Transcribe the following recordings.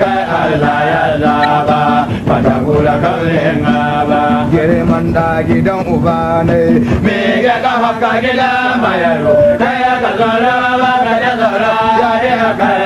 kai Allah ya zaba fata kula kaurin ba girman da gidan uba ne me ga kafa ka gida mayaro kai ka zara ba ka ya zara ya ya ka kai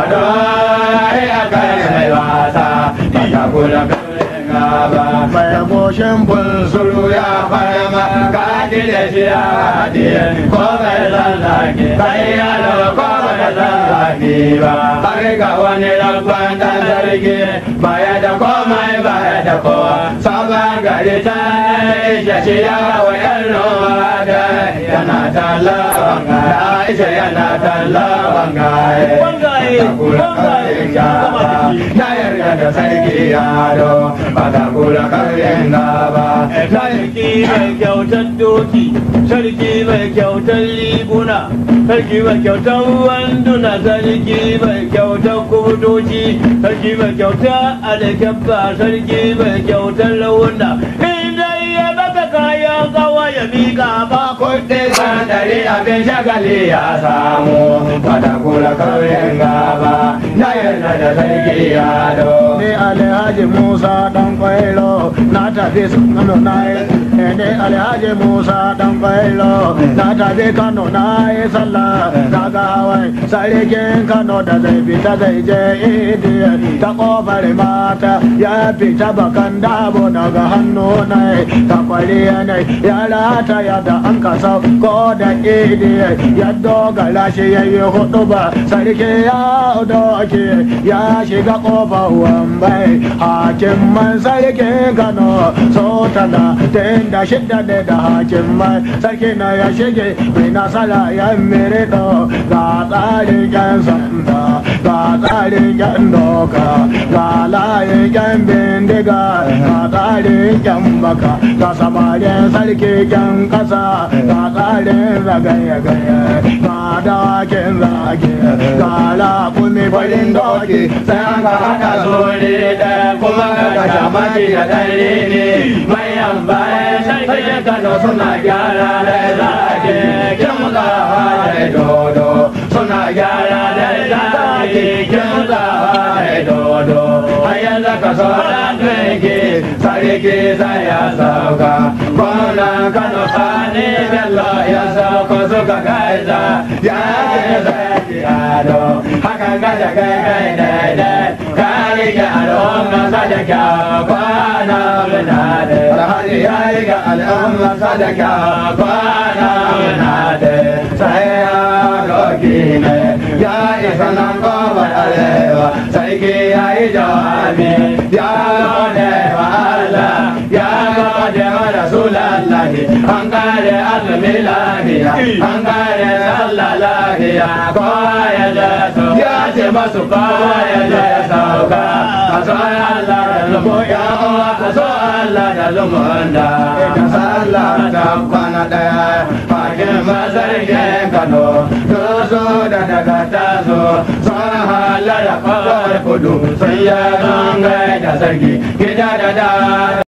ado ya kai mai wasa ya kula kaurin ba mai moshin bun ya fara ma kile ya ko bai lallaki ba har ga wani rabban dan zargi baya da komai baya da kowa sabon gari ta aisha shi da yana talla wanga aisha yana wanga ya y'a ba sarki mai kyautar doki sarki mai kyautar liguna sarki mai kyautar wanduna sarki mai kyautar kudoci sarki mai kyautar alikabba sarki mai kyautar launa inda ya baka kayan kawa ya mika ba kuɗi bari abin shagali ya samu patakula kauyen gaba na yarda da sarki do ni alhaji musa dan kwairo na tafi sun na Nene alhaji musa dan bailo na tafi kano na yi sallah daga hawaii kano da zai fita zai je idi ta kofar mata ya fita bakan dabo daga hannu na ta kwari ne ya rata ya da an kasa ko da idi ya doga shi ya yi hudu ba sarki ya doke ya shiga kofar wambai hakiman sarkin kano so tana tenda da shidda da da hakin mai sarki na ya shige mai nasara ya mere da tsarin yan sanda ga doka ga layin yan bindiga ga tsarin yan baka ga samarin sarki yan kasa ga tsarin zagaye-gaye ga dakin zage ga lakumi farin doki sai an ka haɗa zuri ɗaya kuma ka kashe maki da ɗari ne mayan bayan sarki kano suna gyara da zage kin ga ke sare ke zaya sauka kano sani bello ya sauka suka gaida ya ce sarki ado hakan gada kai kai daidai kari kwana da alhaji ya yi ga kwana da sai ya ne ya isa nan sarki ya yi jawabi e ya gode wa Allah ya gode wa rasulallahi an kare azumi lafiya an kare sallah lafiya kowa ya je ya ce masu kowa ya je sauka a so Allah da lumu ya kowa a so Allah da lumu da ka sallah ta kwana daya bakin masarkin Kano, zo da daga tazo lara fara kudu sai ya zanga da sarki gida da da